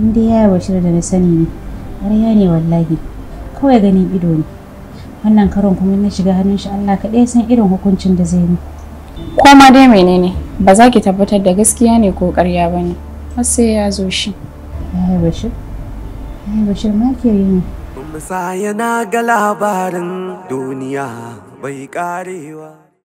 in dai yaya bashir da na sani ne ƙarya ne wallahi kawai ganin ido ne wannan karon kuma na shiga hannun shi Allah kaɗai san irin hukuncin da zai yi ko ma dai menene ba za ki tabbatar da gaskiya ne ko ƙarya ba ne har sai ya zo shi yaya bashir yaya bashir ma ke yi ne ga labarin duniya bai karewa